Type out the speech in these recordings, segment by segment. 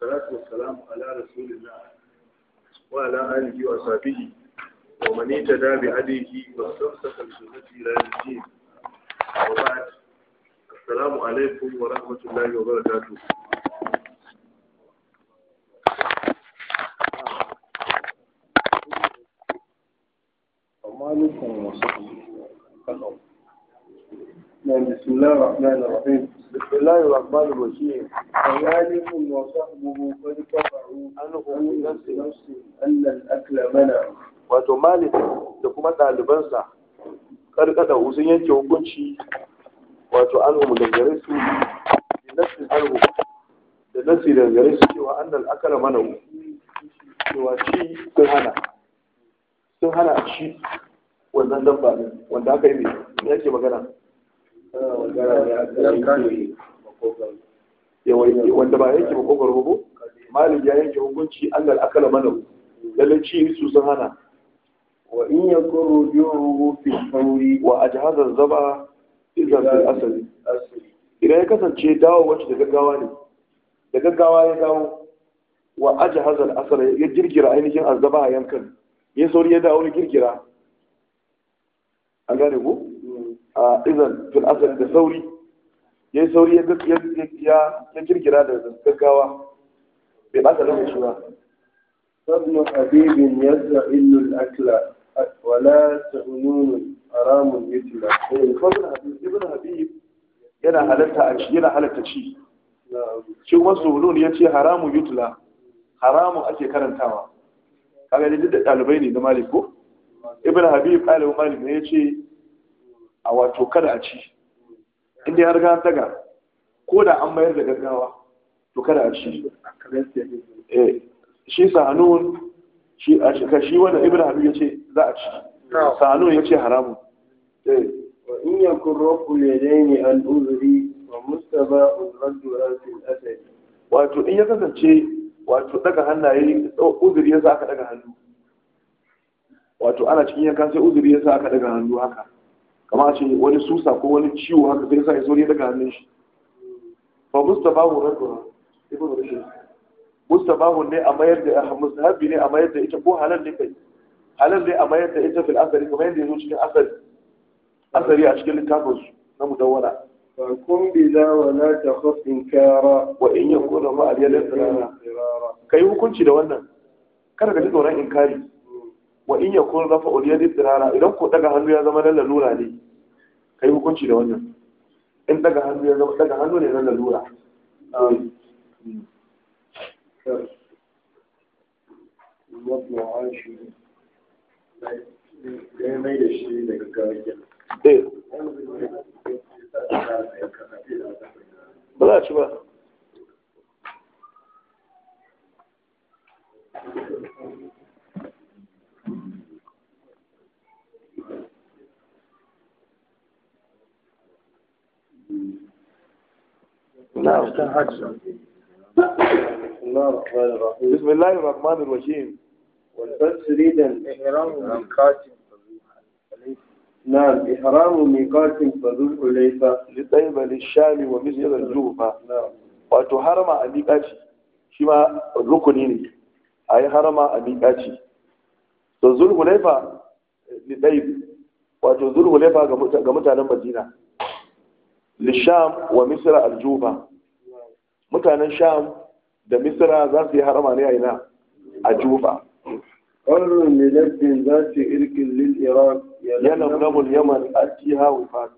salatu wassalamu ala rasulillah wa ala alihi wa sahbihi wa man yatada bi wa sunnati wa ba'd assalamu alaykum wa rahmatullahi wa barakatuh بسم الله الرحمن الرحيم ويالف وصحبه قد كفروا عنه نفسه أن الأكل منع wato malik da kuma ɗalibansa karkada sun yanke hukunci wato alhumu da gare su nasi da nasi da gare su cewa mana cewa ci sun hana sun ci wannan dabba ne wanda aka yi mai yake magana wanda ba yanke makogwaro ba ko ya yanke hukunci an da akala mana lallai ci su sun hana wa in ya koro hugu fi sauri wa jihazar zaba idan fil asali idan ya kasance dawo wacce da gaggawa ne da gaggawa ya dawo wa a jihazar asali ya girgira ainihin azaba yankan ya sauri ya dawo ya girgira an gane ku izan fil asali da sauri ya yi sauri ya kirkira da gaggawa bai ɓata lokaci ba ابن حبيب يزرع الأكل ولا تؤنون حرام يتلى ابن حبيب yana halatta a yana halatta ci shi kuma ya ce haramun yutla haramun ake karantawa kaga ne duk da ɗalibai ne na malik ibn habib wa malik ne ya ce a wato kada a ci inda ya riga daga ko da an mayar da gaggawa to kada a ci eh, shi sanun shi a shi kashi wanda ibrahim ya ce za a ci sanun ya ce haramun eh. in yakun rafu yadaini al uzuri wa mustaba uzraddu rasil asadi wato in ya kasance wato daga hannaye uzuri ya sa aka daga hannu wato ana cikin yankan sai uzuri ya sa aka daga hannu haka kama a ce wani susa ko wani ciwo haka bai sa ya zo ne daga hannun shi Ba mustabahu radduha musta ba hun ne a mayar da habi ne a mayar da ita ko halal ne kai halal ne a mayar da ita fil asari kamar yadda ya zo cikin asari asari a cikin littafin su na mudawwala Ba kun bi la wa la takhaf kara wa in yakuna ma al yalil kai hukunci da wannan kada ka ji tsoron inkari wa in ya yakun rafa'ul yadi dirara idan ko daga hannu ya zama na lalura ne kai hukunci da wannan in daga hannu ya zama daga hannu ne na lalura da ba za a ci ba بسم الله الرحمن الرحيم نعم إحرام ميقات فضل الحليفة لطيبة للشام ومسجد الجوفة نعم وتحرم أميقاتي شما ركني ne a yi harama a miƙaci to zulhulaifa lidai wato zulhulaifa ga mutanen madina lisham wa misra mutanen sham da misra za su yi harama ne a ina a juba ƙwarar miladdin za su irkin lil iran yalam namul yaman aki hawa fat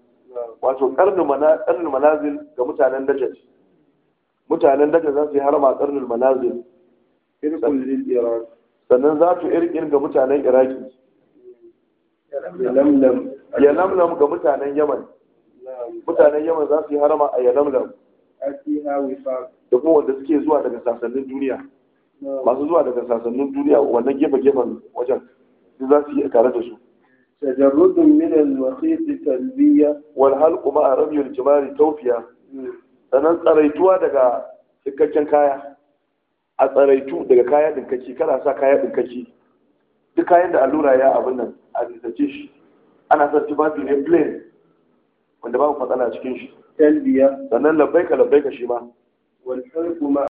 wato ƙarnin manazil ga mutanen dajat mutanen dajat za su yi harama ƙarnin manazil irkin lil iran sannan za su irkin ga mutanen iraki yalamlam ga mutanen yaman mutanen yaman za su yi harama a yalamlam da kuma wanda suke zuwa daga sassanin duniya masu zuwa daga sassanin duniya wannan gefe-gefen wajen su za su yi tare da su تجرد من المخيط تلبية والحلق مع رمي الجمال توفية sannan tsaraituwa daga dukkan kaya a tsaraitu daga kaya dinkaci kana sa kaya dinkaci duk kayan da allura ya abin nan a dinkace shi ana sa tufafi ne plane wanda babu matsala cikin shi talbiya sannan labbaika ka shi ma wal harbu ma